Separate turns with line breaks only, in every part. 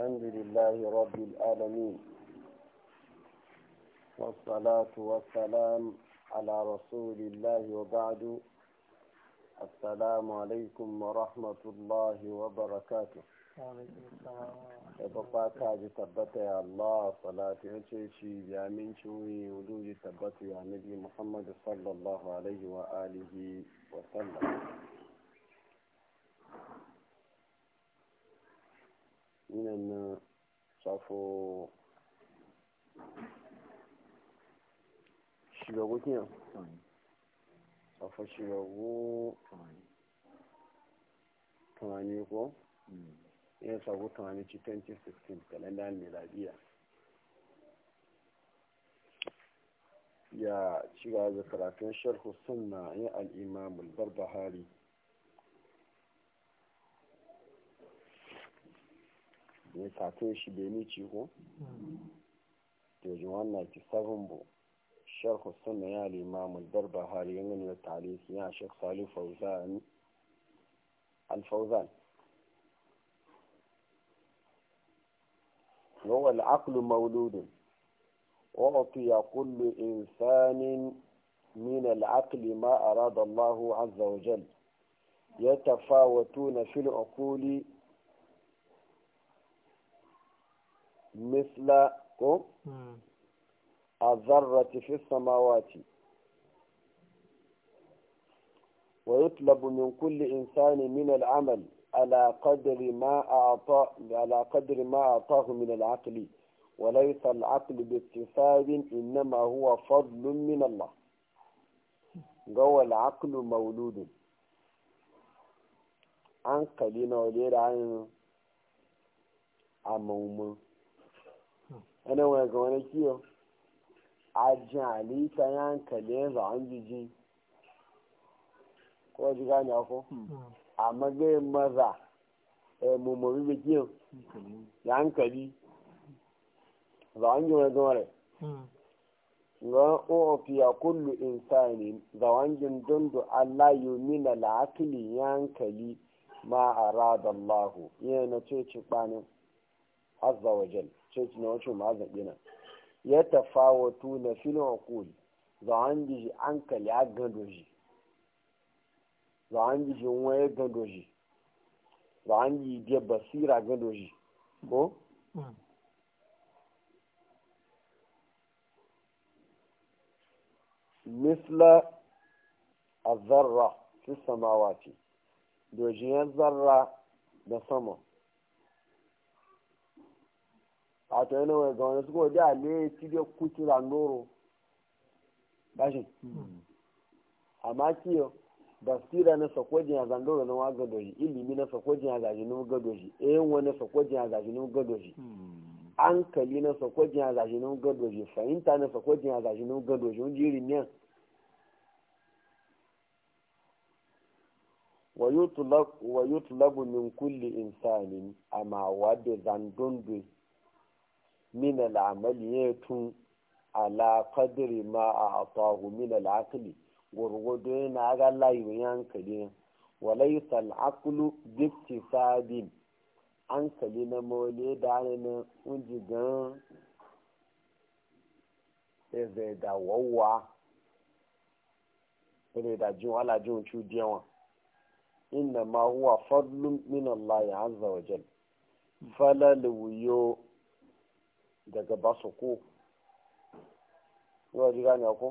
الحمد لله رب العالمين والصلاة والسلام على رسول الله وبعد السلام عليكم ورحمة الله وبركاته
وعليكم السلام
ورحمة الله صلاة وشيشي يا من شوي ولوج ثبت يا نبي محمد صلى الله عليه وآله وسلم minan na safo shigagu kiyan safo shigagu tunani ko ya tunani ci 2016 kalendar ya shiga da karatun sharhu sunna yin al'imamul barbahari ne sato shi bai ni ci ko to ji wannan ki sabon bu sharh sunna ya limam al-barbahari yangan ya ta'alif ya shaykh salih fawzan al-fawzan هو العقل مولود وأعطي كل إنسان من العقل ما أراد الله عز وجل يتفاوتون في العقول misla ko a zarrati fi samawati wa yutlabu min kulli insani min al'amal ala qadri ma atahu min al'aqli wa laysa al'aqli bi ittisabin innama huwa fadlun min Allah ga wal aqlu mauludun an kalina wajen da a maumun ana wani ga wani kiyo ajin halitta ya hankali ya zawon jiji ko ji gani ako hmm. a magayin maza a eh, mummuri da kiyo ya hankali zawon ji wani zama hmm. rai ran ofiya kullu insani zawon jin dundu allah yumina la'akili ya hankali ma a radallahu yana ce ci kwanin azza sai na wancan ma nan ya tafawatu na filin kuli za an an kali a shi za an gishi wani shi za an yi basira gando shi ko hmm. misla a zarra fi samawa ce dojiyar zarra da sama wato yana wai ga wani suka da ne ci da kuci da noro bashin amma kiyo basira na sakwajin ya zandoro na waga doji ilimi na sakwajin ya zaji eh, na waga doji eyan wani sakwajin ya zaji na waga doji ankali na sakwajin ya zaji na waga doji fahimta na sakwajin ya zaji na waga doji wani jirin yan wayutulabu min kulli insanin amma wadda zandon doji min al'amali ya tun ala kadiri ma a atahu min al'akali gwargwado yana ga layu yankali walai sal'akulu dikti sabin an kali na mole da na unjigan eze da wawa eze da jin wala jin cudiyawa inna ma Allah ya wuyo daga ko yau ji gane ku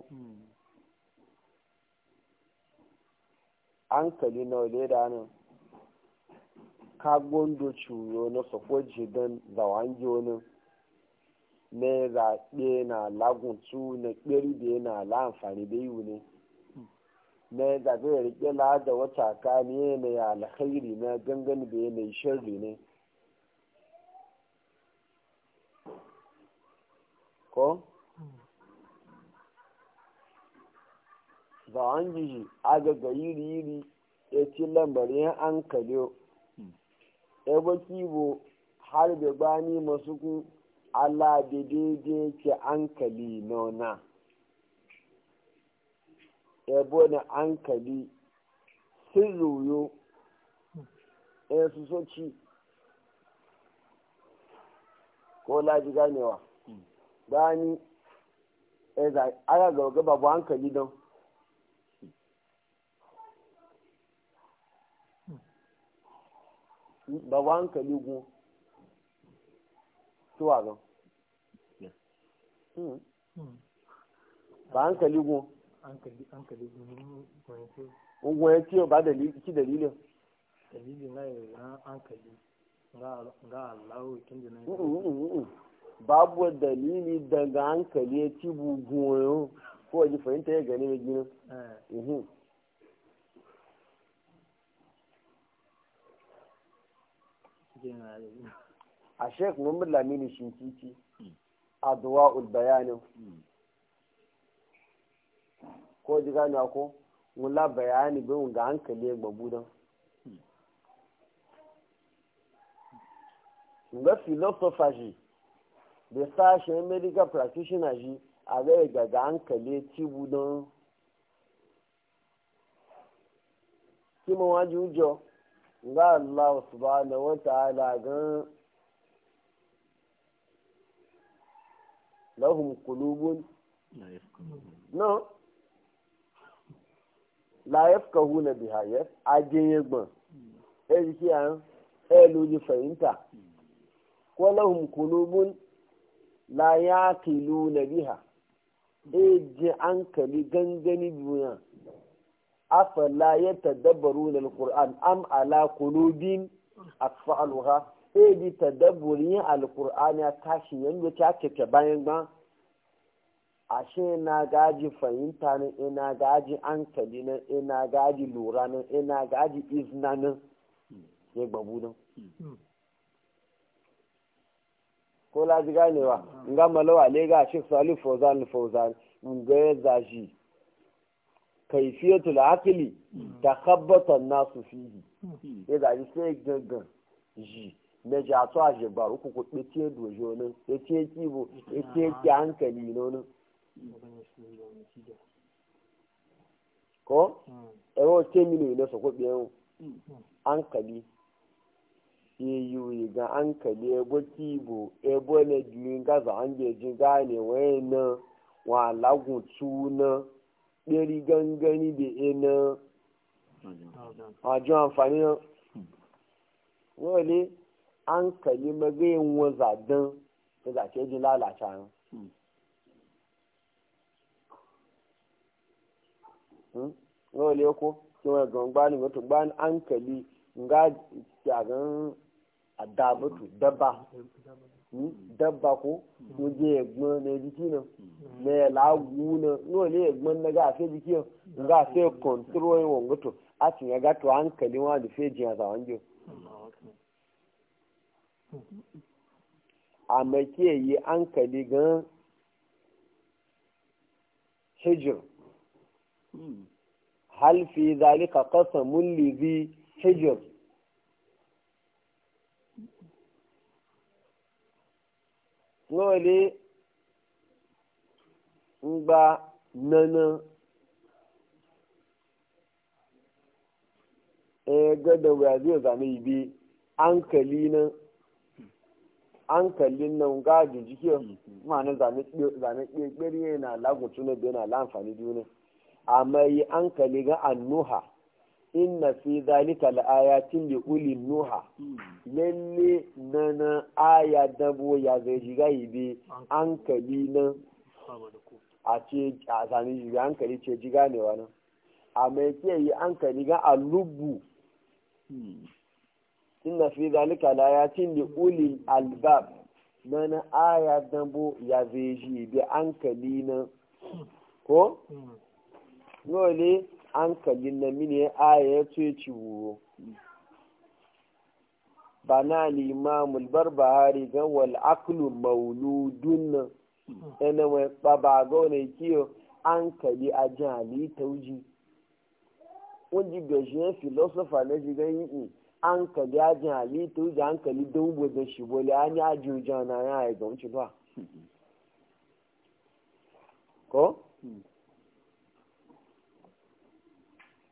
an kali na wale da nan ka gondo ciwo na sako jidan da wangi wani ne zaɓe na laguntu na ɗari da yana la'amfani da yiwu ne na zaɓe ya riƙe la da wata ka ne na ya alkhairi na gangan da yanayi shirri ne ko za ji aga ga yiri yiri ya ci lambarin an kalyo ya baki bo har da bani masu ku ala da daidai ke an kali nona ya bane an kali sun royo ya su soci ko laji ganewa bani aya ga gaba babu hankali don ba hmm. hmm. ba hankali gun tuwa don ba hankali gun hankali gun ya ce ba ki dalilin dalilin na yi hankali ga allahu kin da na babu dalili daga hankali ya ci buguwayo ko ji fahimta ya gani mai gina eh. mhm. a sheik muhammad lamini shinkiki hmm. a duwa ulbayanin hmm. ko ji gani ko mula bayani bin ga hankali ya gbabu don hmm. nga filosofa shi da sashen medical practitioner shi a zai gaga hankali cibu don kima waji ujo ga Allah subhanahu wa ta'ala gan lahum kulubun no la yafkahuna biha yaf ajin yagbon e jiki an e luji fahimta ko lahum kulubun la ya kilu na biha eji an kali gangani duniya la ya tadabbaru na alkur'an am ala kulubin asfa'aluha e dabaru yin alkur'an ya tashi yanzu ta keke bayan ba ashe na gaji fahimta nan ina e gaji an kali nan ina e gaji lura nan ina gaji izna nan ya gbabu nan hmm. ko laji ganewa in ga malawa ne ga shi sali fozan fozan in ga ya zashi kaifiyatul akili ta khabbatan nasu fihi ya zashi sai gangan ji na ja to a ba baro ku kuɗi ce dojo nan ya ce kibo ya ce ki hankali nonin ko hmm. ewo ce mini ne su ko yau hankali yiwu ga hankali ebo kibo ebo na biyu ga za an geji gane waye na wa laguntu na ɗari gangani da ina ajo amfani na wale an kali magayin wanza don da za ke ji lalata na hmm? wale ko kuma gangbanin wato ban an kali ga jagan adabatu dabba hmm? dabba ko waje hmm. egbon na jiki na na ya lagu na no ne egbon na gafe jiki nan gafe control yin gato a cin ya gato hankali wa da feji ya zawon jiyo a make yi hankali gan hijir hmm. hal fi zalika qasamul bi hijir lóòlì ń gba nana ẹgbẹ́ dọ̀gbà bí ọ̀gá ní ibi ankali na ankalin na biyu na amfani biyu ne amma yi ankali ga inna fi zalika la'ayatin li uli nuha hmm. lalle nana aya dabo ya zai shiga ibe hankali nan a ce a sami shiga hankali ce ji ganewa nan a mai ke yi hankali ga alubu hmm. inna fi zalika la'ayatin li uli albab nana aya dabo ya zai shi ibe nan ko? Hmm. Nole, an na mini aya ya ce ciwo ba na limamul barbahari gan wal aklu mauludun nan yana mai babago ne kiyo an kali a jihali tauji wani gashin filosofa na shigan yi an kali a jihali tauji an kali don gudun shi bole an yi ajiyoji na ya ga wuce ba hmm. ko? Hmm.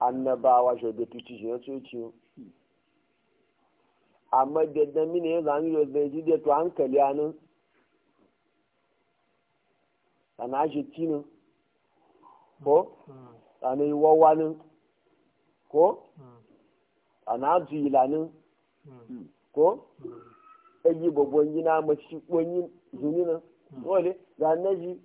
annabawa shobe tuci shi ya so ciwo amma daddan mini ya zami yau zai ji to hankali a nan sana shi cinin ko sana hmm. yi wawani ko sana hmm. su ilanin hmm. ko ɗagi babban na mashi ƙwanyin zuni nan wale zanen shi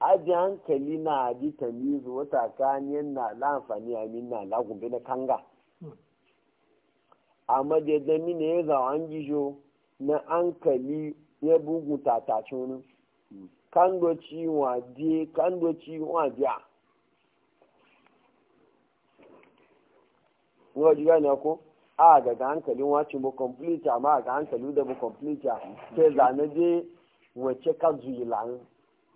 aji hankali na ji tamizu wata kanyen na la amfani a na la na kanga hmm. amma da yadda mini ya zawa an gijo na hankali hmm. ya bugu tatace wani kando ciwa je nwa ciwa ja ji gane ko? A ga ga hankalin wacin bu complete amma ga hankali da bu complete sai hmm. zane je wace ka zuyi lanin.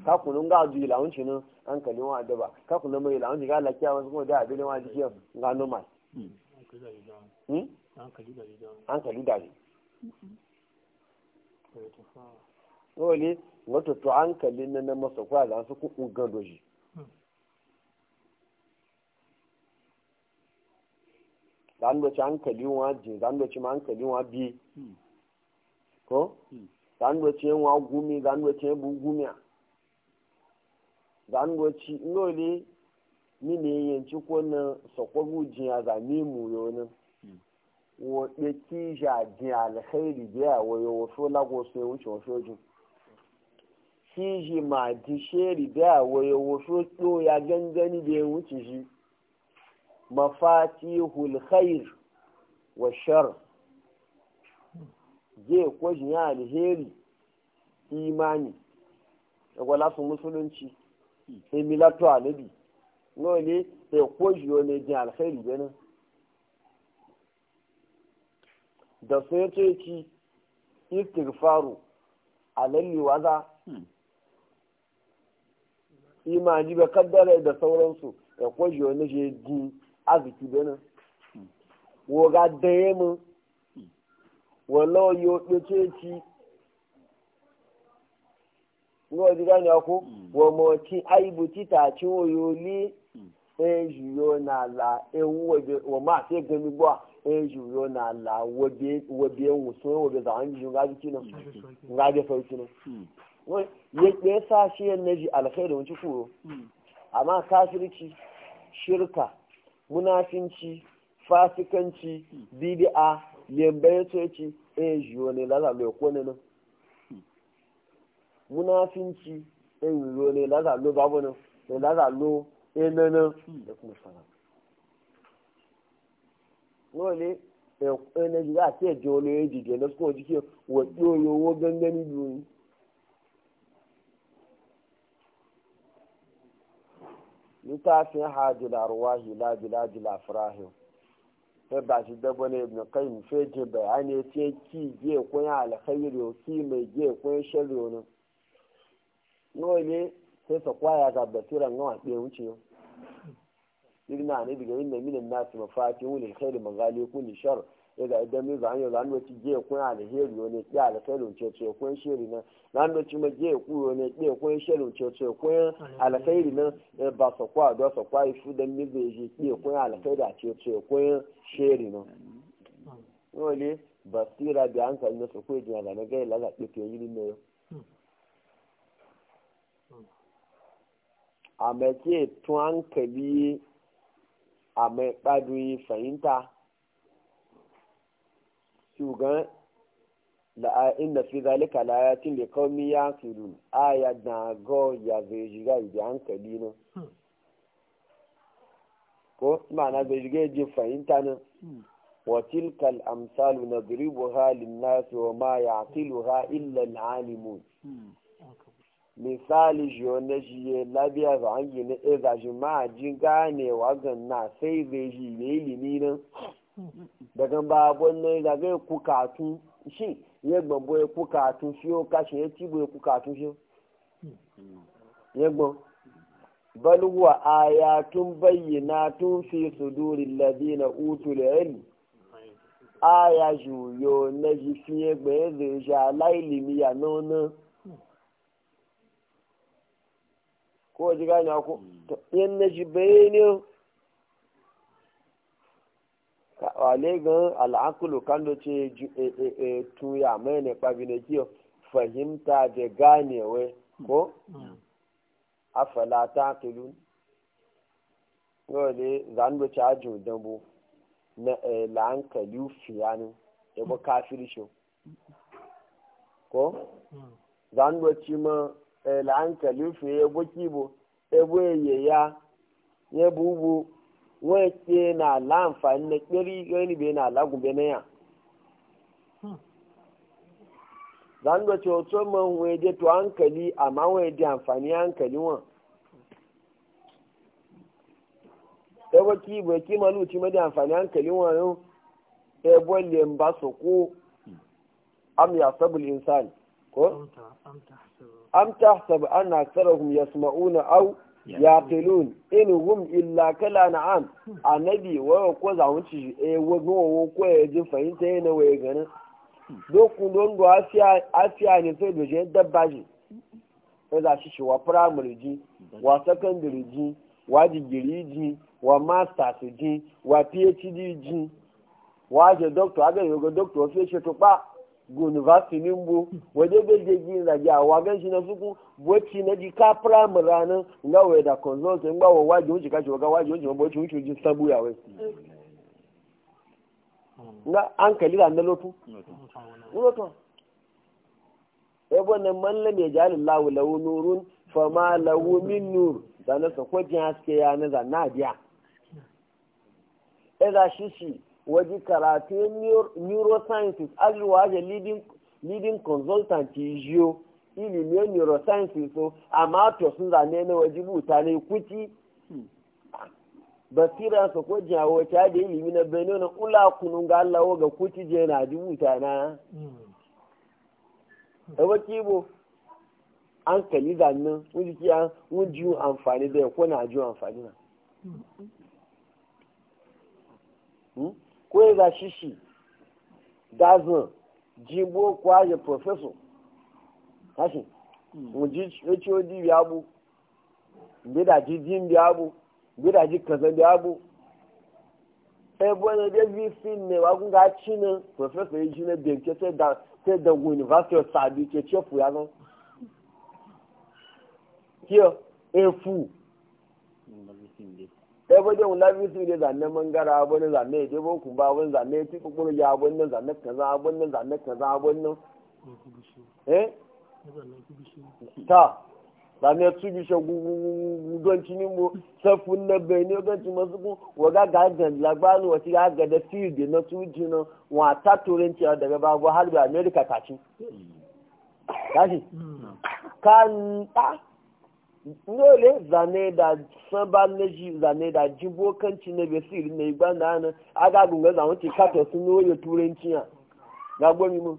kakunun ga ju ilawunci nan hankalin wa daba kakunun mai ilawunci ga lakiya wasu kuma da abin wa jikiyar ga normal
hmm. Hmm? hankali da ne
wani wato to hankali na na masa kwa da su kuku gado shi hmm. zan doci hankali wa ji zan doci ma hankali wa bi ko zan doci yin wa gumi zan doci yin bu gumiya zangoci nole mine yanci kone sakwabu jiya zane mu yoni wo ki ja jiya alkhairi biya wayo wasu lagosu ya wuce wasu ki ji ma di sheri biya wayo wasu to ya gangani da ya wuce ji mafatihul khair wa shar je ko jiya alheri imani da gwala su musulunci sai milato anabi nawa ne sai kojiyo ne jin alkhairi ganin da sai ce ci wa za. waza imaji ba kaddara da sauran sauransu da kwaji wani je ji arziki bene ga daya mu wallawa yo ce ci ngo diga ni ko mm. wo mo ti aibu ti ta ti wo yo mm. e ju yo na la e wo wo ma se gbe mi gbo e ju yo na la wo wo wo so wo ju ga ti no mm. ga ge so ti no wo ye pe sa shi en neji alkhairu mun ci kuro amma kafirci shirka munafinci fasikanci bid'a lembe e ju yo ne la la lo ko ne no munafinci ɗin zo ne laza lo babu nan da laza lo ɗaya da kuma sana lole na ji za a ce je wani yaji je na suka jike wa ɗoyo wo gangani duni littafin hajjila ruwahi labila jila firahim sai ba shi dabo ne ibn qayyim sai je bayani sai ki je kun alkhairi ki mai je kun sharri ne nawa ne sai sa kwaya ga basira nawa ɗaya wuce yau irna ne daga yin da minin nasu mafakin wani khairu magali kuni shar ya ga idan mai zan yau zan wuce je kuna alheri wani ya alkhairu ce ce kun shiri na zan wuce ma je ku wani ɗaya kun shirin ce ce kun alkhairu na ba sa kwa da sa kwa su dan mi zai je ɗaya kun alkhairu ce ce kun shiri na nawa ne basira bi hankali na su kuwa jina da na gaila ga ɗaya ke yi ne yau ame tí etoa ŋkɛ bi ame kpadu yi fɛyinta sugan la a ina fidale kala ya ti le kɔmi ya firu a ya dan agɔ ya vejiga yi ya ŋkɛ hmm. ko na vejiga yi di fɛyinta no wɔtil kal amsalu na biribu hmm. ha linnaasi wa ma ya tilu ha illa naani mu. Hmm. misali jiyone jiye labiya za an yi na e ɗaya ji ma ji ganewa ganna sai zai ji ne ilimi nan daga babon nan zaga ya ku tun shi ya gbogbo ya ku tun shi o kashe ya cibo ya ku tun shi ya gbon balwa ayatun bayyana tun fi su sudurin ladina utul ilmi aya juyo na ji fiye gbe zai ja lailimi ya nono ko ji gane ku yan mm. na ji bayani ka wale gan al'akulu kan da ce e, e, e, tuya mai ne kwabi na kiyo fahimta da ganewa ko mm. afala ta kilun wale zan da ajin dambu na la'ankali fiyanin ya ba kafir mm. ko zan da ci ma Ela hankali fi ebo kibo ebo eye ya ya bu na ala amfani na kpere gani n'ibe na ala gube na ya hmm. zan ce otu ma nwee je to hankali amma nwee je amfani hankali wọn ebo kibo e ki malu ti ma je amfani hankali wọn yau ebo lemba soko hmm. am ya sabul insani ko am tahsab anna aktharuhum yasma'una aw yaqilun in hum illa kala na'am annabi wa ko za wuci e wo wo ko e ji fahimta yana waye ganin dokun don do afiya afiya ne sai do je dabba ji ko za shi wa primary ji wa secondary ji wa degree ji wa masters ji wa phd ji wa je doctor aga yoga doctor fi ṣe to pa university nimbo waje beje jin na ja wa gan shi na suku wacce na di ka primary nan nga we da consult ngba wa waje wuce ka shoga waje wuce bo ci wuce jin sabu ya wai na an kali da nalotu nalotu e bonne man lam ya jalil lahu nurun fama lahu min nur da na sako jin haske ya na za na biya e da shi shi waje karatu neurosciences ajiwa aje leading leading consultant jiyo ilimin neurosciences so amma to sun zane na waje buta ne kuci hmm. basira su ko jawo ta da ilimi na benin na ula kunun ga Allah ga kuci je na dubuta na da hmm. baki bo an kali zannin wujiki an wujiyu amfani da ya ko na amfani na hmm. kweza shishi dazin jimbo kwaje professor kashi hmm. muji hod biya bu gidaji jin biya bu gidaji kaza biya bu ebe na bi e, vc ne wa kun ga cinin professor yi e cinin benke sai da university of sabi ke cefu ya gan kiyo efu sai ba dai wula bisu ne zanne mangara abin zane ya jebo ku ba abin zane ya tiku kuma ya abin nan zanne kaza abin nan zanne kaza abin nan eh ta zanne su bishe gudon cini mu hmm. safin na benin ganci masu ku waga ga gan lagbani wasu ya ga da fiye na su jina wata turanci daga babu har harbi amerika kaci kashi hmm. kan ta dole zane da san ba na ji zane da ji kanci na bai siri na igba na ana aga gunga zama ce kata sun noyo turanci ya ga gomi mu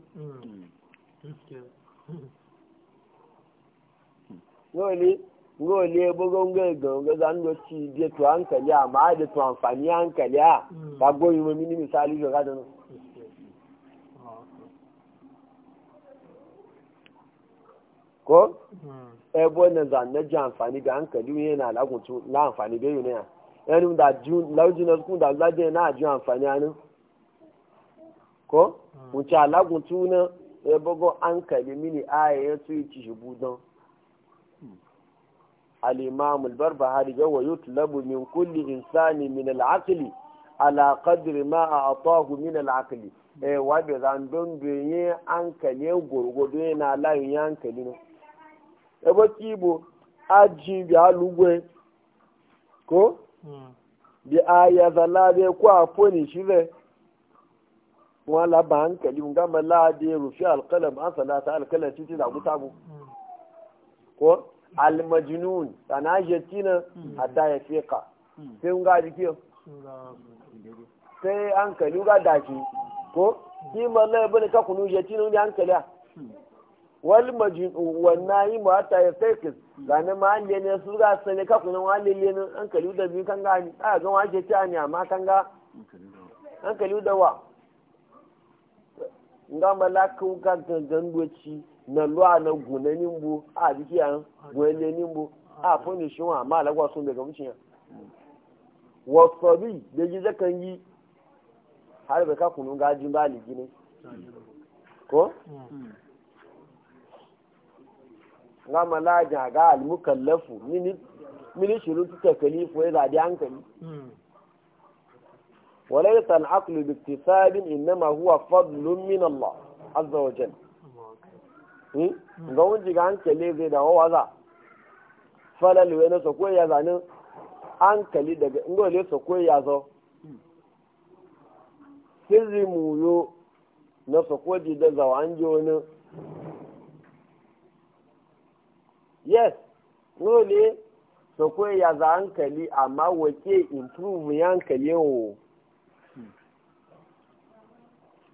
dole dole bugun gai gunga zan da ci da to hankali a ma da to amfani hankali a ga gomi mu mini misali ga gadon ko hmm. ebo na zanne ji amfani ga hankali ne e na lagunci na amfani da yuniya yanin da lauji na kun da zaje na ji amfani anu ko hmm. wuce lagunci na ebo go hankali mini aya ya yi ci shi budon hmm. al-imam al-barbahari ga wa yutlabu min kulli insani min al-aqli ala qadri ma a'tahu min al-aqli eh wa bi zan don biye hankali e gurgudu na layin hankali ne ebe kibo aji bi alugwe ko hmm. bi aya zala bi ko afoni shire wọn laba hankali nga malade rufi alkalam an salata alkalam titi da hmm. guta hmm. ko almajnun sana jetina hatta ya fika sai nga jikiyo sai hankali nga daki ko kima lai bane ka kunu jetina ne hankali a wal majin wannan yi ba ta ya fake gane ma an ne su ga sane ka kuma wale ne an kalu da bi kan gani a ga wace ta ne amma kan ga an kalu da wa nga malaku ka gangan doci na lwa na gunanin bu a jiki an gwelenin bu a funi shi wa ma lagwa sun daga da ji zakan yi har ka gama laja ga almukallafu mini shirutu ta kalifu ya zaɗi hankali وليس العقل باكتساب إنما هو فضل من الله عز وجل ga wunji ga hankali zai dawo waza falal wai na sokoi ya zane hankali daga ingole sokoi ya zo hmm. sirri muyo na sokoji da zawa an ji wani yes dole so ko ya za hankali amma wake improve ya hankali wo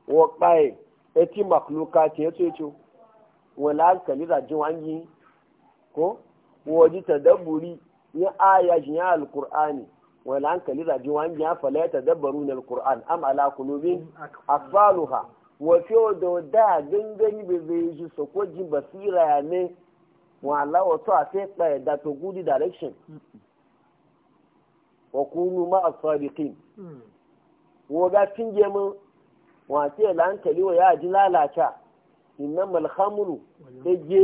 wo pai eti makluka ti eto eto wala hankali da jin wangi ko waji tadabburi ya aya shi ya alqur'ani wala hankali da jin wangi ya fala na alqur'an am ala qulubin asfaluha wa fi da da gangan be zai ji so ko ji basira ne wọn aláwọ̀ tó àti ẹ̀pà ẹ̀dá tó good direction ọkùnrin máa sọ ìdíkì wọn bá fi ń jẹ mọ́ wọn àti ẹ̀là ń tẹ̀lé wọn yáa di láàlàáṣà iná malhamuru ẹjẹ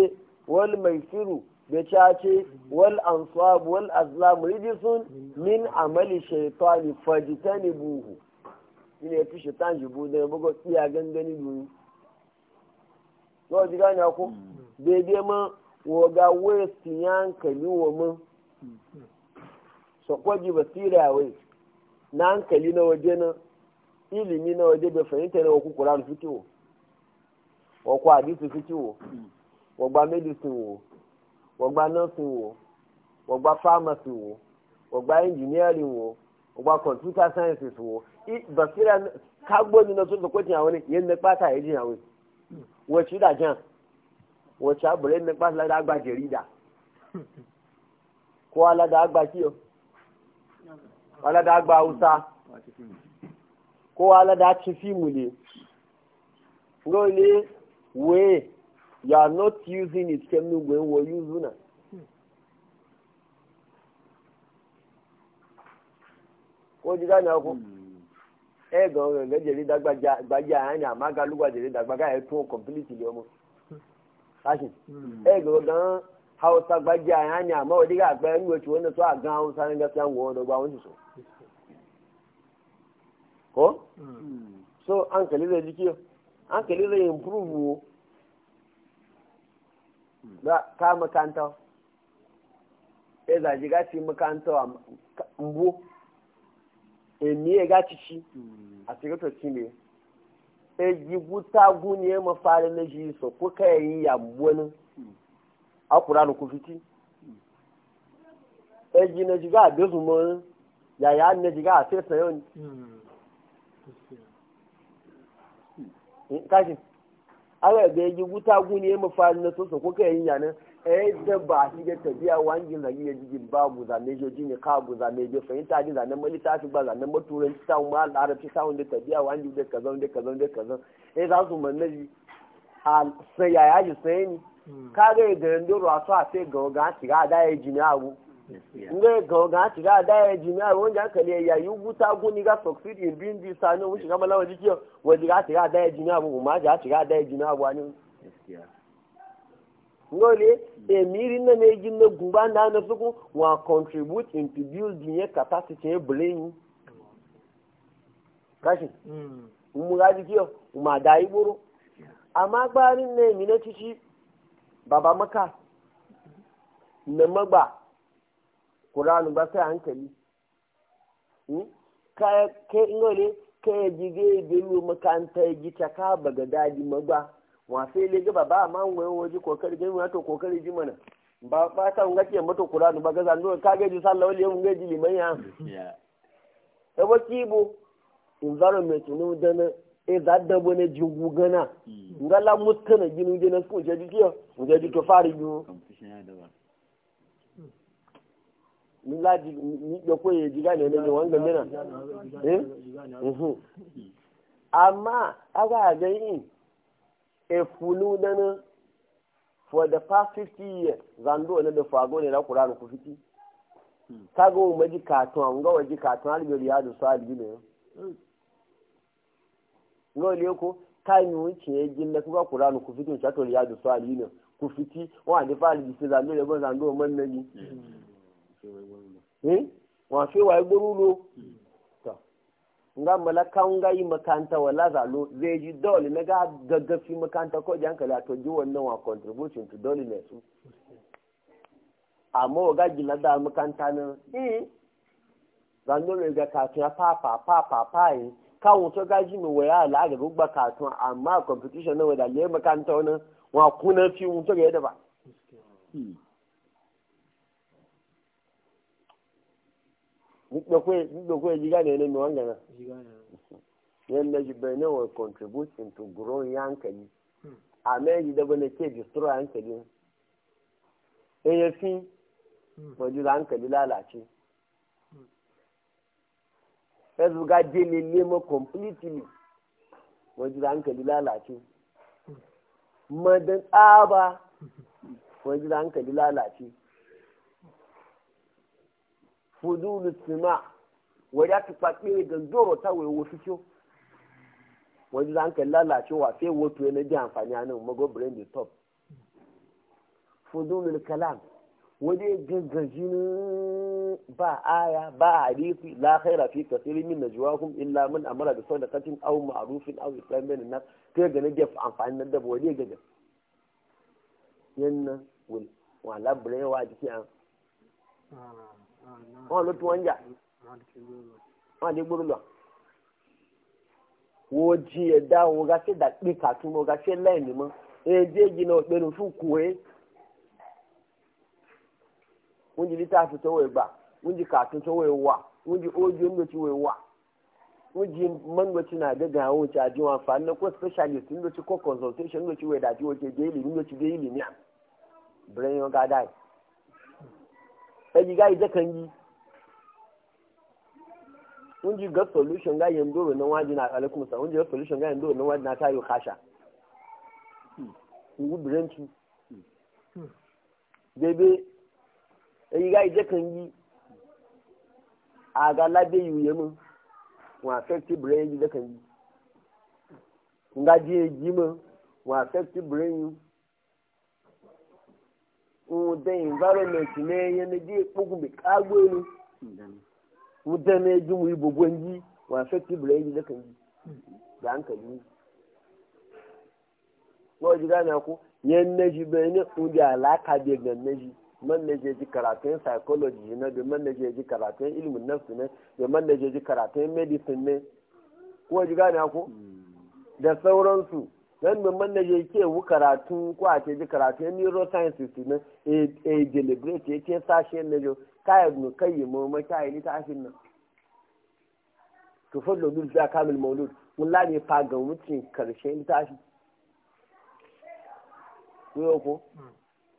wọ́n bẹ́ẹ̀ tí a ṣe wọ́n answab wọ́n azlam rídísùn min àmàlì ṣètọ́ni fàjítẹ́ni buhu ilé fi ṣètàn jù bú dẹ́rẹ́ bọ́gọ́ tí a gẹ́gẹ́ nílùú yìí lọ́ọ̀dí gáà ní akó déédéé mọ́. woga wesi yankali wa mun sakwaji basira wai na hankali na waje na ilimi na waje bai fahimta na waku kuran fitiwo waku hadisi wo wagba medicine wo wagba nursing wo wagba pharmacy wo wagba engineering wo wagba computer sciences wo basira kagboni na sun sakwaji a wani yadda kpata ya ji a wai wacce da jan wacce abirin na ba lada agba jarida ko alada agba kiyo alada agba hausa ko alada ci fimu ne no ne we you are not using it kemgbe gwen wo use na ko ji gane ku ẹgbẹ̀rún rẹ̀ gẹ́gẹ́ jẹ̀rí dágbàjá àárín àmágalúgbà dágbàjá ẹ̀ tún completely ọmọ kashin hmm. eh gan hausa gbaji a yanya ma wadi ga gbe nwe ci wanda a gan hausa ne gaskiya da so ko hmm. so an jiki an improve wo da hmm. ka makanta e za ji ga ci makanta mbu e ga ci ci a cikin to eji guta gunye mafari na shi so eyi ya yambonin akuranu ku fiti eji na jiga ya bezu mo yaya na jiga a sai sayo ni kashi awa ga eji guta gunye mafari na so so kuka yi yanin yadda eh, ba shi da tafiya wangin zage ya jigin babu zane joji ne ka bu zane jo fahimta ji zane mali tafi ba zane ma turanci ta ma larabci ta wanda tafiya wangin da kazan da kazan da kazan eh za su mannaji a sai ya yaji sai ni hmm. ka ga ga yanzu a sai ga ga ci ga da ya na abu nga ga ga ci ga da ya abu wanda ya yi buta guni ga succeed in being this wuce ga malawa jikiyo ci ga da ya ji abu ma ga ci ga n'ole emiri na na-eji nnegwu mgbe a na-anọ sokwu wa contribute into building your capacity e brain kashi mmughaji hmm. kiyo ma da igboro amma gbari na emi na baba maka na magba kuranu ba sai hankali hmm? ka ke ngole ka ya jige belu makanta ya ji caka baga magba wasu ile gaba ba ma wani waje kokari gani to kokari ji mana ba ba ta nga ke mato qur'ani ba gaza ndo ka gaji sallah wali mun gaji liman
ya
e ba kibo environment no dana e za da bone ji gana hmm. nga la ji ginu je na ko jaji ji mun ko ji to fari ju ni la ji ni da ko ye ji gane ne wanga mena hmm. eh mhm. amma aga ga yin efulu dana for the past fifty years zando ne da fago ne na kuranu ku fiti hmm. ga mu maji katon an ga ji katon har bai riyadu salihu ne hmm. ngo le ko yi yu ce jin da kuga kuranu ku fiti chato su salihu ne ku fiti wa ni fa li se zando le bon zando man ne ni wa fi wa gburu nga malaka nga yi makanta wala zalo zai ji dole na ga gaggafi makanta ko jan kala to ji wannan wa contribution to dole ne su amma ga gila da makanta ne eh zando ne ga katun papa papa pai kawo to ga ji mi waya la ga gugba katun amma competition ne da le makanta wannan wa kuna fi mun to ga da ba hmm. Nukwe jiga na ne wanga na. Yanda ji bai ne wai contributing to grow hankali. Hmm. A mai ji dabo ne ke destroy hankali. E hmm. ya fi waju da hankali lalace. Facebook hmm. ga je ne nema completely waju da hankali lalace. Madan tsaba waju da hankali lalace. fudulu sima ya ta faɗi gandoro ta wai wasu kyau wani za ka lalacewa sai wato yana ji amfani a nan mago brain the top fudulul kalam wani gaggajin ba aya ba hadisi la khaira fi kasirin min najwahum illa man amara bi sadaqatin aw ma'rufin aw islam bain an-nas kai ga na def amfani na dabo wani gaga yanna wala brain wa jiki an ah. wọn ló tún wọn jà wọn àti gbóró lọ. wo jí ẹ̀dá ji ga ṣe dàgbé kàtún mọ́ ga ṣe lẹ́ẹ̀ni mọ́ èdè èjì náà pẹ̀lú fún kùwé. wọ́n jí lítà fi tọ́wọ́ ẹ̀ gbà wọ́n jí kàtún tọ́wọ́ ẹ̀ wà wọ́n jí ojú a wọn fa ní kó specialist ń lọ́tí kó consultation ń lọ́tí wọ́n ẹ̀ dàjú wọ́n ṣe dé ìlì ń lọ́tí dé ní à. ɗaji gayi ije kan yi kun ji ga solution ga yin doro nan waji na alaikum sa kun ji ga solution ga yin doro nan waji na tayo kasha ku birenci bebe ɗaji ga ije kan yi a ga labe yuye mun wa fekti brain ije kan yi kun ga ji ji mun wa fekti brain da environment ne yana je kogu bi kago ne wuta ne ji mu yi bugon ji wa fetti bulayi da kan ji da hankali ko ji gane ku yan naji bai ne kudi alaka bi ga naji man da je ji karatun psychology na da man da je ji karatun ilimin nafsu ne da man ji karatun medicine ne ko ji gane ku da sauransu don mimman na yake ke wu karatu ko a ce ji karatu ya neuro sciences ne a deliberate ya ce sashe na jo kayan mu kai mu ma kayan ita ta ashin nan to fa lo dul ja kamil maulud mun la ne fa karshe ita ta ashin ko ko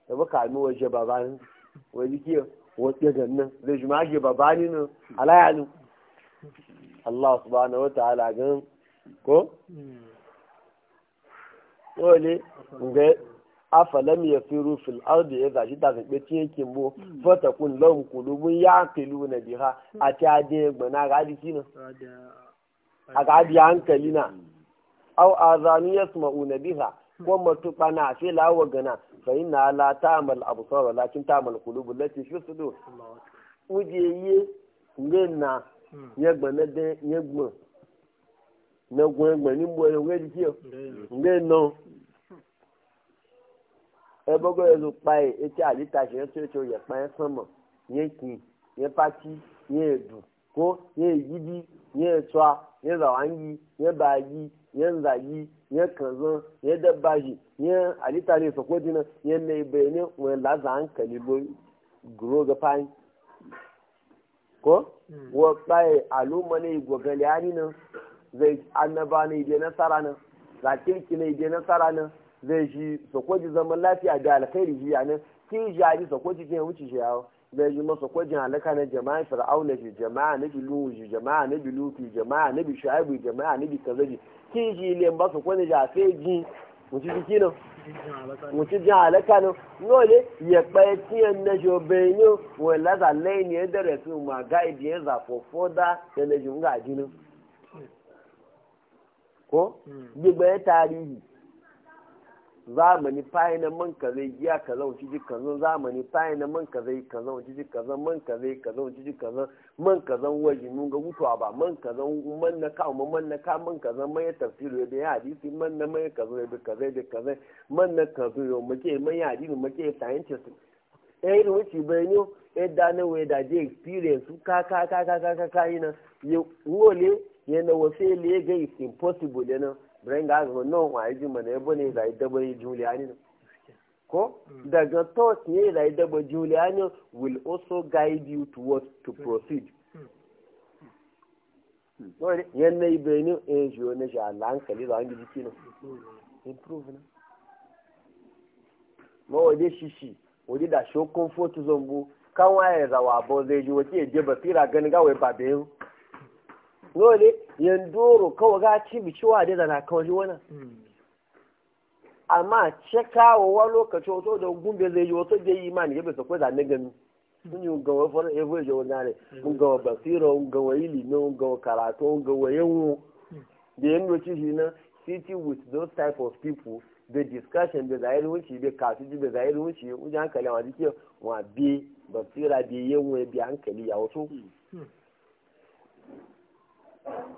da ba ka mu waje babanin waje kiyo wace gannan zai shi ma ake babanin alayanin Allah subhanahu wa ta'ala gan ko hmm. wale ga afalam ya firu fil ardi ya zashi da zaɓe cikin kimbo fata kun lahum kulubun ya kilu hmm. na ha a ta je gbana ga hadisi na a ga hadi na au azani ha na biha hmm. ko na fi lawa gana fa inna la ta'mal absar walakin ta'mal qulub allati fi sudur uje yi ngenna hmm. yegbana de na gwen gwen ni mbo yo ngedi kiyo ngedi non e bogo e zo paye e ti ali ta jen se cho ye paye sama ye ki ye pati ye du ko ye yidi ye twa ye zawangi ye baji ye nzaji ye kanzan ye dabaji ye ali ta ne soko dina ye ne be ne wen la za hankali bo gro ga paye ko hmm. wo paye alumane gogale ani na zai annaba ne da nasara nan ki ne da nasara nan zai ji sokoji zaman lafiya da alkhairi ji ya nan kin jari sokoji ke wuce shi yawo zai ji masa sokoji halaka na jama'a fir'auna shi jama'a na bilu luhu jama'a na bilu lutu jama'a na bi shu'aibu jama'a na bi kaza ji kin ji ne ba su kwani ja sai ji mu ci jiki nan ji halaka nan nole ya kpai tiyan na jo benyo wala za lai ne da rasu ma ga idiyan za fofo da da na ji nga ji nan ko hmm. gbogbo ya tarihi zamani fayi na man ka zai giya ka zan ciji kazan zamani fayi na man ka zai ka zan ciji kazan man ka zai ka zan ciji kazan man ka zan waje mun ga mutuwa ba man ka zan man na ka mun man na ka man ka zan mai ya tafsiru da ya hadisi man na mai ka zai da kaza da kaza man na ka yo mu ke mai hadisi muke su eh irin wuce bai yo eh da na wai da je experience ka ka ka ka ka ka ina yo wole yana wafe le ga is impossible yana brain ga ga no wa ji mana yabo ne da dabo juliani no ko mm. daga thought ne da dabo juliani will also guide you towards to mm. proceed Lord, yan na ibe ni eh jiyo na sha Allah hankali da hangi jiki no mm. improve na ma wade shishi wade da show comfort zone bu kan waye zawa bo zai ji wace je basira ganin gawai ba da yau dole yandoro kawai ga ci bi wa da na kawai wani amma ce kawowa lokaci wato da gumbe zai yi wato da imani ya bisa kwai zane gani sun yi gawa fara ebo ya jawo nare mun gawa basira mun gawa ilimi gawa karatu mun gawa yawo da shi na city with those type of people the discussion da wuce kasu ji da wuce wajen wa wa basira bi yawo ya bi ya wato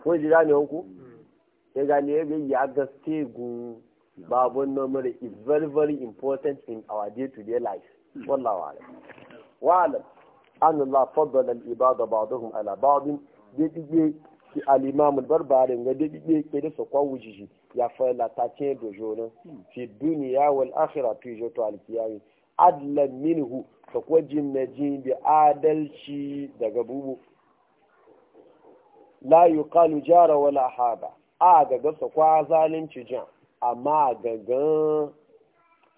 wọ́n ji gane ku ya gane ya bai ya ga stegun babu number is very very important in our day to day life wallahu alam wa an Allah faddala al ibada ba'dahum ala ba'd bi ki al imam al barbari ga bi ke da su kwa wujiji ya fa la ta ce do jona fi dunya wal akhirah fi joto al qiyam adlan minhu fa ko jin najin bi adalci daga bubu la yuqalu jara wala haba a gaga su kwa zalunci jan amma gaga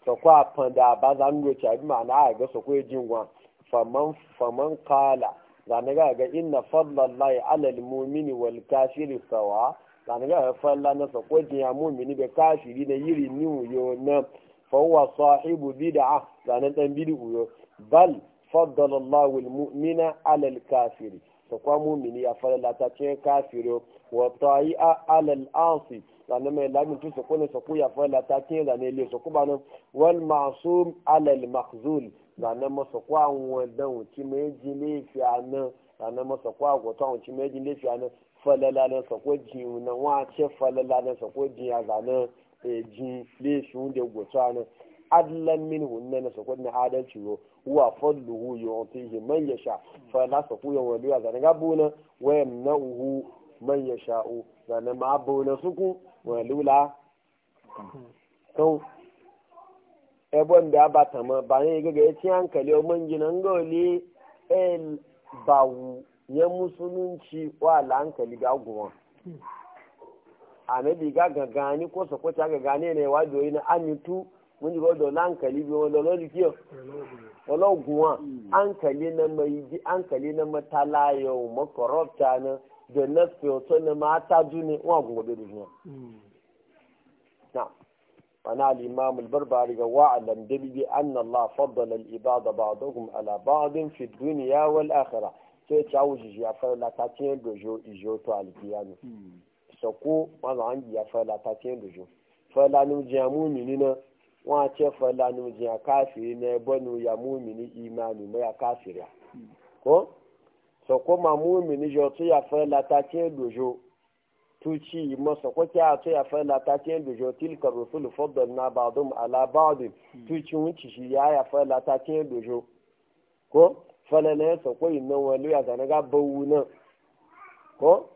su kwa fanda ba za mu yi abin ma'ana a gaga su kwa jingwa faman faman kala zane ga ga inna fadlallahi alal mu'mini wal kafiri sawa zane ga ga falla na su kwa jiya mu'mini be kafiri na yiri ni uyo na fa huwa sahibu bid'a zane dan bid'u uyo bal fadlan Allahu al mu'mina alal kafiri sakwa mumini ya fara latacin kafiro wata yi alal ansi zane mai lamin tu sako ne sako ya fara latacin zane ile sako ba nan wal masum alal makzul zane masa kwa wadda wuci mai ji laifi a nan zane masa kwa gwata wuci mai ji laifi a nan falala na sako ji na wace falala na sako ji a zane ji laifi wunde gwata nan adlan min hunne na sokod na adalci yo wa fadluhu yu'tihi man yasha fa la saku ya wali ya zanga buna wa yamna'uhu man yasha'u zana ma buna suku wa lula kan ebon da ba ta ma ba ne gaga yace hankali o man ginan gole el bawu ya musulunci wa la hankali ga goma anabi ga gagani ko sokota gagani ne wa doyi na amitu mun ji gwado hankali bi wani lolo likiyo wala na mai ji ankali na matalayo makorobta na da na fiyoto na mata juni wa gungo bai duniya na ana al-imam al Allah al-ibada ba'dahum ala fi wal akhirah sai ta wuce ya fara la ta tiyan dojo ijo to hmm. sako wala an fara la ta tiyan dojo fara la nu jamu wọn ce falanu jiya kafiri na banu ya mumini imani mai kafiriya ko so kuma mumini jo to ya fala ta ce dojo tuci masa ko kya to ya fala ta ce dojo tilka rusul faddalna ba'dum ala ba'd tuci wunci shi ya ya fala ta ce dojo ko fala ne so ko inna walu ya zanaga bawu nan ko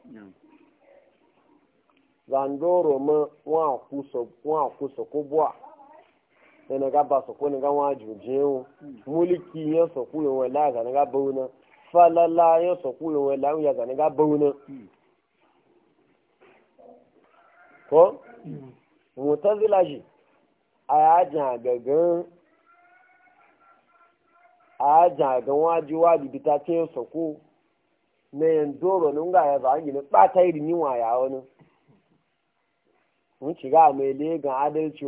zandoro ma wa kusa wa ko bua yana gaba su ko ga waju jewo mulki ya so ku wala ga falala ya so ku wala ya ga ko mutazila ji ayaja gagan ayaja ga waju wa bibita te so ku ne ndoro nunga ya zangi ne pata iri niwa ya wani mun mai legan adalci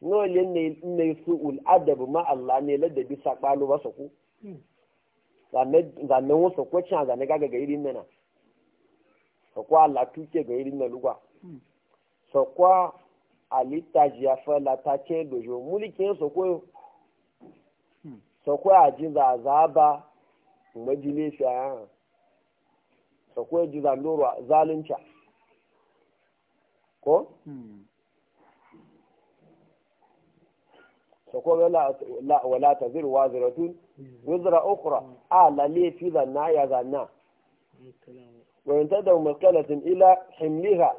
na ne ne su'ul adabu ma Allah ne ladabi sakalo ba su ku hmm. zanne wasu ko cin zanne gaga ga irin nana tuke ga iri na lugwa hmm. sakwa alita jiyafa la ta ce dojo mulkin sakwa hmm. sakwa aji zazaba majalisa ya jiza ji zalunca ko sako la wala tazir waziratun wizra ukhra a la lafi zanna ya zanna wa yanta da maskalatin ila himliha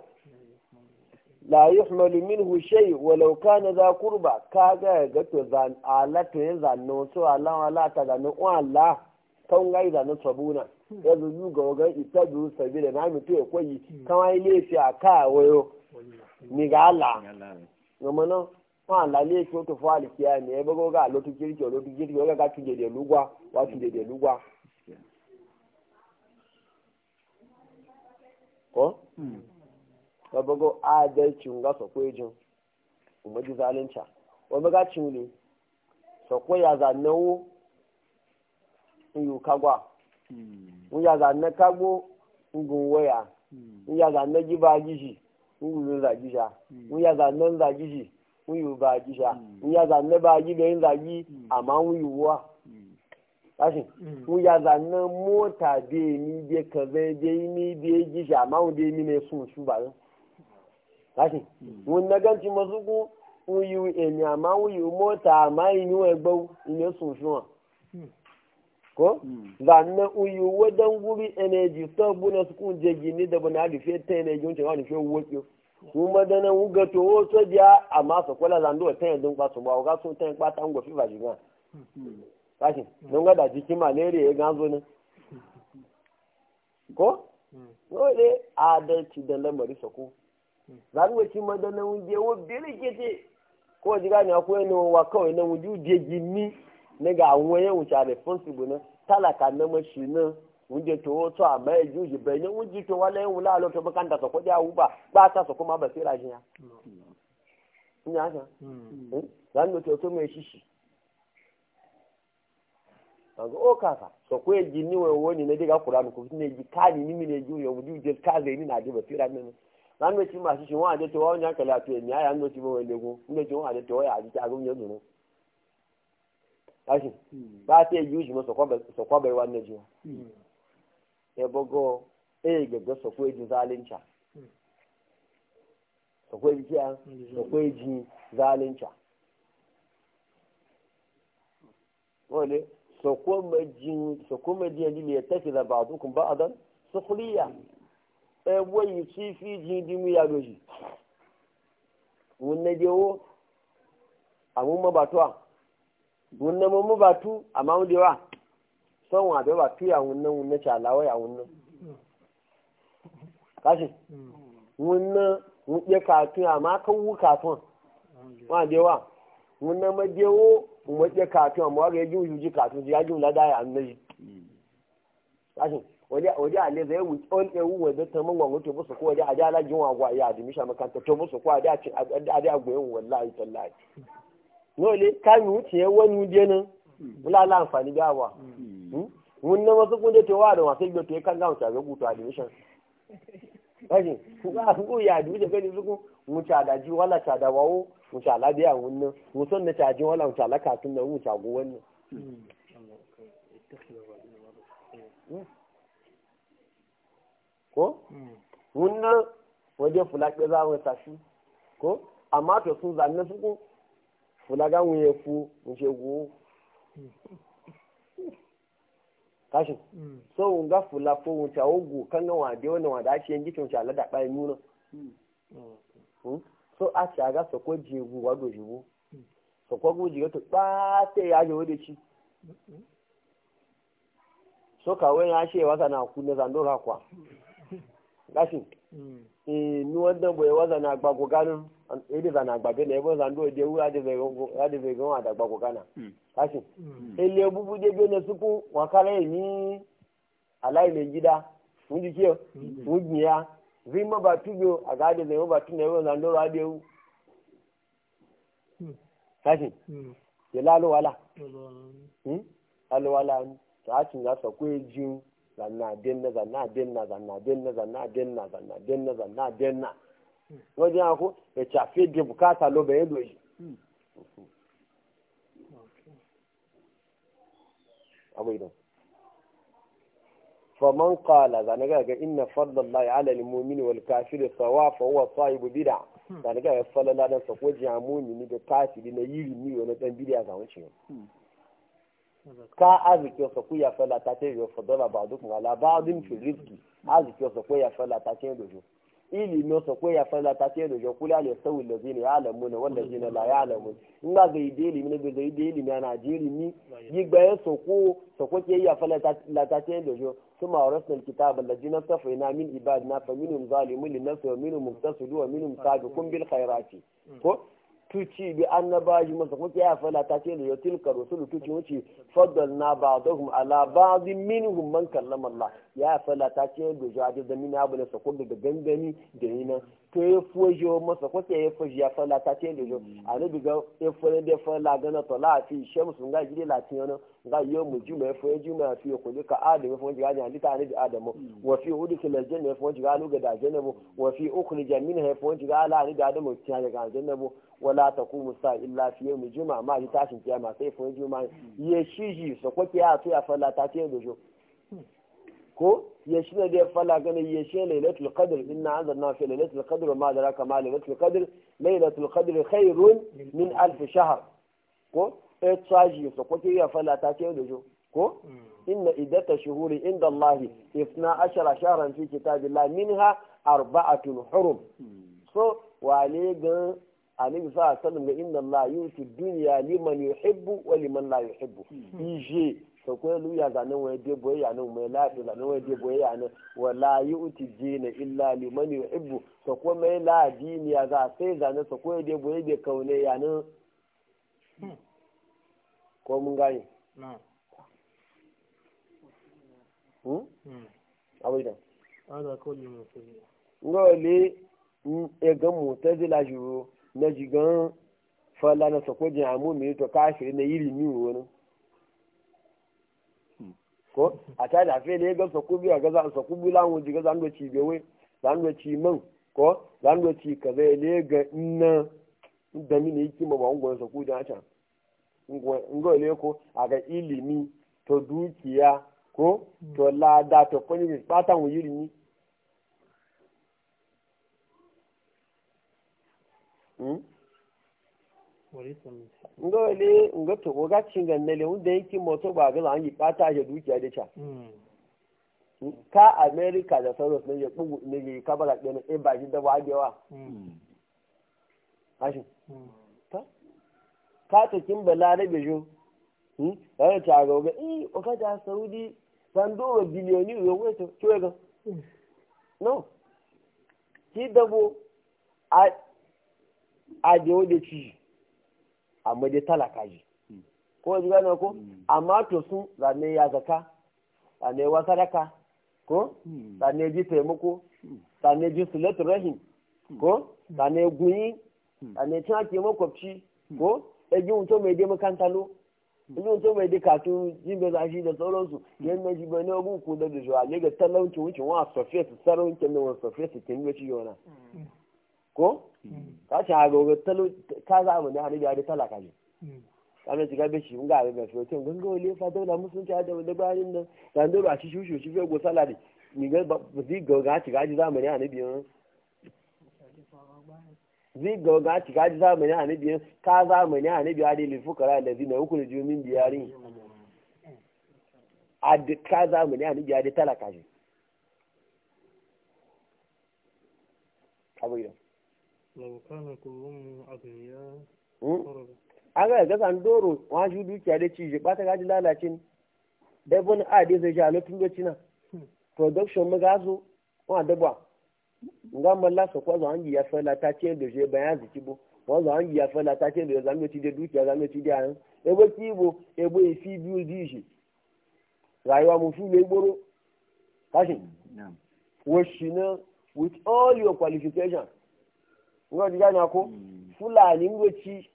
la yuhmalu minhu shay walau kana za kurba kaga ga to zan ala to ya zanno so ala wala ta zanno wala kan gai zanno sabuna ya zuzu ga ga ita du sabida na mutu ya koyi kan ai lefi aka wayo ni ga ala. ngama fún àlàyé kí ó tó fún àlìkí ẹni ẹ gbogbo gà Ko? kíríkì olótú kíríkì ó gàgà tún dèdè lúgbà wá tún dèdè lúgbà. kọ́ gbogbo àdé tìǹ gà sọ pé jù òmòdì zálẹ́ńtà omega tìǹ lè sọ yàtà náwó ya za na nẹ́kagbó ngùn wẹ̀yà yàtà nẹ́jìbá jìjì ngùn zàjìjà yàtà nẹ́nzà jìjì. wuyu ba gisha hmm. in ya zanne ba gi da yin zagi hmm. amma wuyuwa hmm. tashi in ya zanne mota be ni be kaze be ni a ma amma ni ne sun su ba tashi wun na ganci masu ku wuyu emi amma wuyu mota amma yi ni wa gbau ne sun su wa ko na uyu wadan guri energy stop bonus kun gini da bana ta energy wani kuma da nan wuga to wato biya amma su kula zando wa tayin dun kwasu ba ga sun tayin kwata ngo fi baji ga kashi don ga da jiki malaria ya ganzo ne ko dole adalci da lamari sako zan wuce madana wuje o bele kete ko jiga ni akwai ne wa kawai na wuje je gimi ne ga awon yan wuce responsible na talaka na mashi na wunje to wato a mai juji bai ne wunji to wala yin wula lokacin bakan da sako da uba ba ta so sako ma basira shi ya in ya haka hmm. eh? zan da to mai shishi kaga o oh, kaka sako ya gini wa wani ne diga kuranu ko ne ji kani ni mi mine ju yo wuju je ka zai ni na ba ji basira ne dan da ti ma shishi wa da to wa wani haka lafiya ne ya yan da shi ba wai lego ne ji wa da to ya ji a go nyo ne kashi hmm. ba ta yi yuji masa kwabai wannan jiwa hmm. ya bago ɗaya eh, gaggwa sakwai ji zalinca hmm. sakwai ji kiya sakwai zalinca wale sakwai majiya ji ne ya tafi da ba dukkan ba a don sukuliya ɗaya eh, wani cifi ji dimu ya doji wunne jewo a mun mabatuwa wunne mun mabatu a ma'udewa son wa bai ba fi a wannan wannan calawa ya wannan kashi wannan wuɗe kafin amma kan wu kafin wa dewa wannan madewo wuɗe kafin amma ga yaji wuji kafin ya ji wulada ya annaji kashi waje a ne zai wuce ewu wadda ta man wangu to musu ko waje a jala jin wagwa ya adimisha makanta to musu ko a da a da goyen wallahi tallahi nole kami wuce wani wuce nan wulala amfani da abuwa Hmm? mun na wasu kun da tewa da wasu gbe to ya kan gawo ta zagu admission kaji ku ga ku ya du da gani zuku mu da ji wala ta da wawo mu ta la biya wannan mu son na ta ji wala mu ta la ka tun da mu ta go wannan hmm? ko waje fulak za mu shi, ko amma to sun zanne su ku fulaga mu ye fu mu go kashin mm. so un ga fula fo un ta ogu kan ga wade wani wada shi yanki tun shala da bai nuna mm. Mm. so a ci aga so ko jegu wa do jibu so ko gu jiga to ba te ya yo de ci so ka wen ya she wa sana ku ne zan dora kwa gashin mm. eh ni wanda boye waza na agba ko kanu ede za agba bene ebo za ndo de wura de vego de vego ada agba ko kana gashin ele bubu de bene suku wakale ni alai le gida mun ji ke mun ji ya zai ma ba tugo a ga de zai ma ba tuna yau za ndo ra de wu gashin ya lalo wala alwala ta cin za sa ko jin zanna denna zanna denna zanna denna zanna denna zanna denna zanna denna wajen ako ya cafe da bukata lo bai doji abu idan faman kala zane ga ga inna fadlallahi ala lil wal kafiri sawa fa huwa sahibu bid'a zane ga ya fallala dan sa ko jiya mu'mini da kafiri na yiri ni wani dan bid'a ga wancan ka arziki wasu kuya fela ta ce yau ba duk la ba din fi rizki arziki wasu kuya fela ta ce dojo ilimi wasu kuya fela ta dojo kula ne sauyin da zini ya alamu ne wanda zini la ya alamu in ga zai da ilimi mi bai zai da ilimi a najeri ni gigbayen soko soko ke iya fela ta ce dojo ثم ورثنا الكتاب الذين اصطفينا من عبادنا فمنهم ظالم لنفسه ومنهم مقتصد ومنهم سابق بالخيرات tuci bi annabaji masa kuma ya la ta ce ya tilka rusulu tuci wuce faddalna na ba'dahum ala ba'dhin minhum man kallama Allah ya la ta ce da jadi da na abu ne sako da gangani da ni to ya fojo masa ko sai ya fojo ya fala ta ce mm. da jo anabi ga ya fojo da fala ga na tola fi shamsu ga gidi latin mu ya fojo ma, fi ko ne ka ta anabi adam wa fi udika lil janna ya ga da janna mu wa fi ukhrija minha ya fojo ga da adam mu tiya ga janna mu wala taqumu sa illa fi yawmi ma ji sai mm. so ko ya ta ce da ko ya shi ne da fala ganin ya shi lailatul qadr inna anzalna fi lailatul qadr wa ma adraka ma lailatul qadr lailatul qadr khairun min alf shahr ko e tsaji so ko ya fala ta ce da jo ko inna iddata shuhuri inda Allah 12 shahran fi kitabillah minha arba'atun hurum so wale gan annabi sa sallam ga inna Allah yuti dunya liman yuhibbu wa liman la yuhibbu ije to ko lu ya zanen wa de boye ya nan mai lafi zanen wa de boye ya nan wala yi uti jina illa liman yuhibbu to ko mai la dini ya za sai zanen to ko de boye de kaune ya nan ko mun gani na hmm abidan ada ko ni mutazila ngole e ga mutazila juro na jigan fala na sokojin amu mi to kafiri na yiri mi wonu ko a ta da fele ga so kubi ga za so kubi lan wuji ga zan do ci bewe zan do ci man ko zan do ci ka zai le ga inna da mi ne yiki ma ba ngon so kubi da ta ngo le ko a ga ilimi to dukiya ko to lada to kuni mi patan wuyiri ni hmm ngole ngato oga cinga nele wanda yake moto ba ga an yi bata ya dukiya da cha hmm. ka america da sauran ne ya bugu ne ya kabala ɗin e ba shi da wagewa ashin ta ka ta kin balarabe jo ta ta ga ga eh o ka ta saudi san do biliyoni yo weto kiwe ga hmm. no ki dabo a a de o de ci amma dai talaka ji hmm. ko ji gane ko hmm. amma to sun zane ya zaka zane wa sadaka ko hmm. zane ji taimako zane ji sulatul rahim ko zane guyi zane cin ake makwabci ko ɗagi e, mutum mai dai makanta lo ɗagi mutum mai dai katun jin da zashi da sauransu yan na bai da a ne ga talauci wucin wa sofiya su wa sofiya su ko ka ci hagogo ka ne hannu a da talaka ne kamar shiga bai shi ga abin gafi wata ganga wani fa daula musulunci da wani bayanin nan da ndoro a shi shi shi fiye go salari ni ga ba zai ga ci gaji zamani hannu biya zai ga ga ci gaji zamani hannu biya ka zamani hannu biya da kara da zina hukun jomin biyarin a ka zamani hannu biya da talaka ne abu idan an ga ga zan doro wa shi dukiya da ci ba ta gaji lalace dai bani a dai zai ja lutun doci na hmm. production mu gazo wa dabwa nga malla so kwa zan ya fala ta ce da je bayan ziki bo wa zan ya fala ta ce da zan ga ci da dukiya zan ga ci da an e bo ki bo e bo e fi biu di shi rayuwa mu fi le gboro kashi na'am wo shi na with all your qualifications nga ji gane ko hmm. fulani ngoci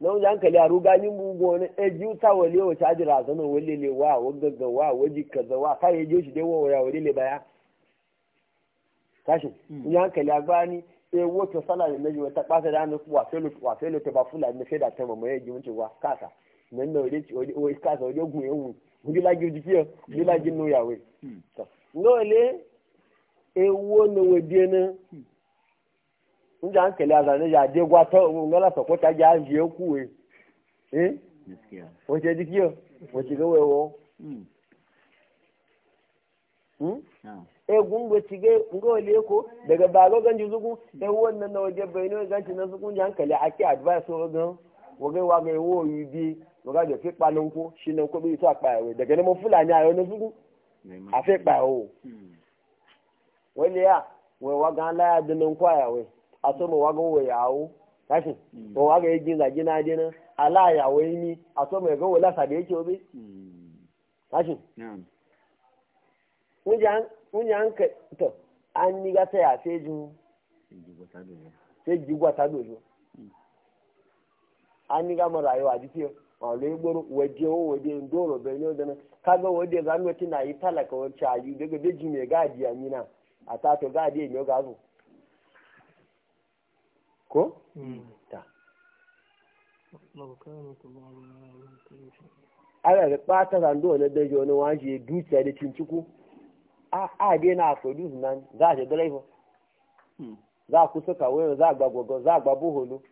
na wajen hankali a ruga ni mu e ji ta wale wace ajira zanen wale le wa wa gagga wa waji kaza wa ka ya je shi dai wa ya wale hmm. e le baya tashi wajen hankali a bani e wato sala ne naji wata kasa da hannu wa felo wa felo ta ba fulani na shaida ta mamaye ji mun ce wa kasa nan da wajen wajen kasa wajen gun yan wuri lagi jikiya wuri lagi nuyawe. Nole ewo na wajen in ji hmm. hmm? hankali a zane ya je gwata ngala sakwata ya je kuwe eh wace jiki yau wace ga wewo e gungo cige ngo ko daga ba bago ganji zugu e wannan na waje bayino ganci na zugu ji hankali a ki advice wa gan wagai wagai wo yi bi waga da fi palon ko shi na ko bi to apa yawe daga ne mo fulani ayo hmm. na zugu a fi pa o wani ya wai waga la ya dinan kwa yawe a hmm. hmm. hmm. na ọwa ga awụ yawo tashi ga yaji na dina ala yawo ni a so mai ga wala sabe yake obe tashi kunji an ka to an ni ga saya sai ju sai jigwa ta dojo an ni ga mu rayuwa jikiyo ọ̀rọ̀ egboro wẹ̀dẹ̀ owó wẹ̀dẹ̀ ndóòrò bẹ̀rẹ̀ ní ọdún kágbọ́ wẹ̀dẹ̀ zanúwẹ̀tì náà yìí tálàkà wọn ṣáájú gbẹgbẹ́ bẹ́jì mi gáàdì àmì náà àtàtọ̀ gáàdì ko ta ana da ndu ọ na daji wani waje dukiya da cinciku a dai na produce nan za a shiga laifin za a kusa kawo za a gbagogo za a gbabo holo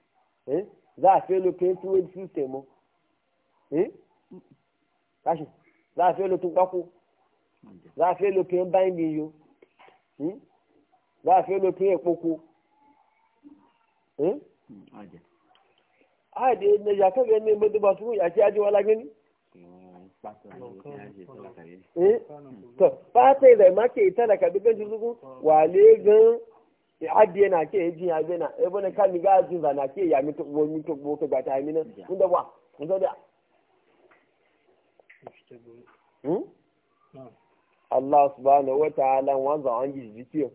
za a felo painting with system kashi za a felo tun kwako za yo za Eh? Hmm, ade na ya kaga ne mudu ba su ya ci aji wala gani to fata da ma ke ita da kabi ganji zugu wale gan ade na ke ji ya bena e bone ka mi ga ji za na ke ya mi to bo mi to bo ka ga ta mi na inda wa inda da Allah subhanahu wa ta'ala wanzu an ji jikiyo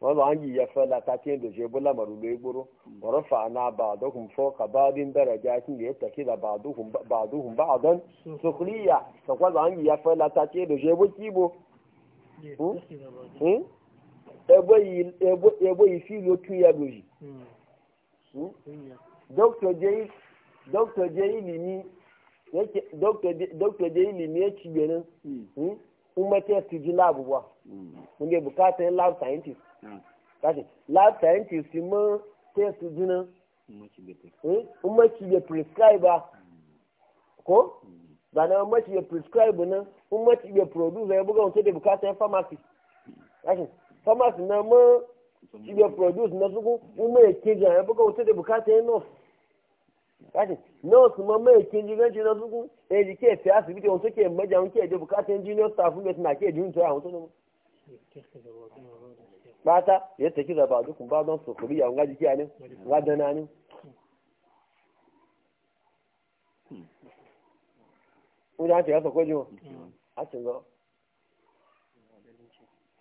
wanda an yi ya fala ta ce da je bula maru da guru wa na ba da foka ba din daraja kin da ya take da ba duhun ba ba don sukriya ta kwaza an yi ya fala ta ce da je buki bo ebo yi fi lo tun ya goji doctor jey limi limi ya ci benin kuma test ji lab wa mun bukata lab scientist kashi lab scientist mun test jina umma ki be prescribe ah. ko ba na umma ki be prescribe na umma ki be produce eh, ya buga wato da bukatar pharmacy kashi pharmacy na mun ki be produce na suku umma eh, ya keji ya buga wato da bukatar nurse Kati nurse ma mai keji ganci na suku educate asibiti wato ke majan ke da bukatar junior staff ne ah, na ke junior wato bata ya take zaba dukun ba don sokuri ya jiki a ne wadana ne Kuna ta yasa kwajo a cin zo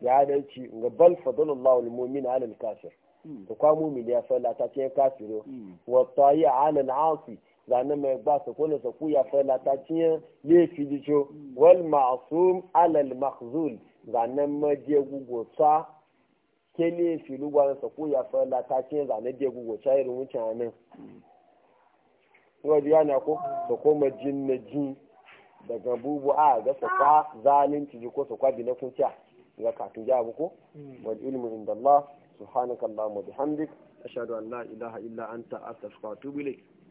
ya dace ga bal fadlullahu lil mu'min ala al kafir to kwa mu'min ya falla ta ce kafiro wa yi a alal asi zanen mai ba su kone su kuya falla ta ya fi dicho wal ma'sum alal al zanen maje gugota kele filu gwanan sa ko ya fara ta zanen je gugota irin wucin nan wadda yana ko su koma jin na jin daga bubu a ga su kwa zalunci ji ko su kwa bi na kunciya ga katun ya ko mm. wal ilmu inda Allah subhanaka Allahumma bihamdik ashhadu an la ilaha illa anta astaghfiruka wa atubu ilayk